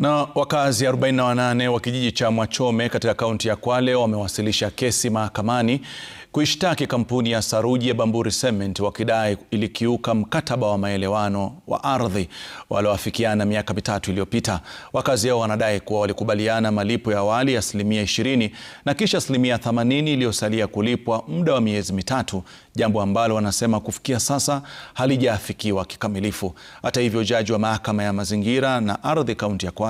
Na wakazi 48 wa kijiji cha Mwachome katika kaunti ya Kwale wamewasilisha kesi mahakamani kuishtaki kampuni ya saruji ya Bamburi Cement wakidai ilikiuka mkataba wa maelewano wa ardhi walioafikiana miaka mitatu iliyopita. Wakazi hao wanadai kuwa walikubaliana malipo ya awali ya asilimia 20 na kisha asilimia 80 iliyosalia kulipwa muda wa miezi mitatu, jambo ambalo wanasema kufikia sasa halijaafikiwa kikamilifu. Hata hivyo, jaji wa mahakama ya mazingira na ardhi kaunti ya Kwale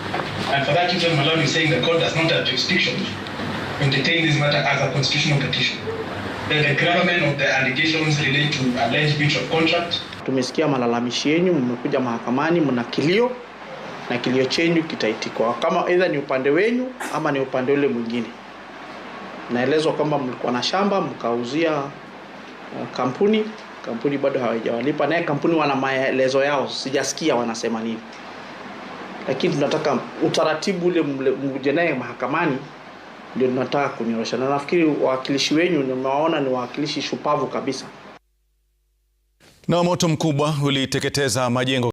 And for that reason, Malawi is saying the court does not have jurisdiction to entertain this matter as a constitutional petition. Then the gravamen of the allegations relate to alleged breach of contract. Tumesikia malalamishi yenu, mmekuja mahakamani, mna kilio na kilio chenyu kitaitikwa, kama aidha ni upande wenyu ama ni upande ule mwingine. Naelezwa kwamba mlikuwa na shamba mkauzia eh, kampuni, kampuni bado hawajawalipa, naye kampuni wana maelezo yao, sijasikia wanasema nini lakini tunataka utaratibu ule mje naye mahakamani, ndio tunataka kunyorosha, na nafikiri wawakilishi wenyu nimewaona ni wawakilishi shupavu kabisa. Na moto mkubwa uliteketeza majengo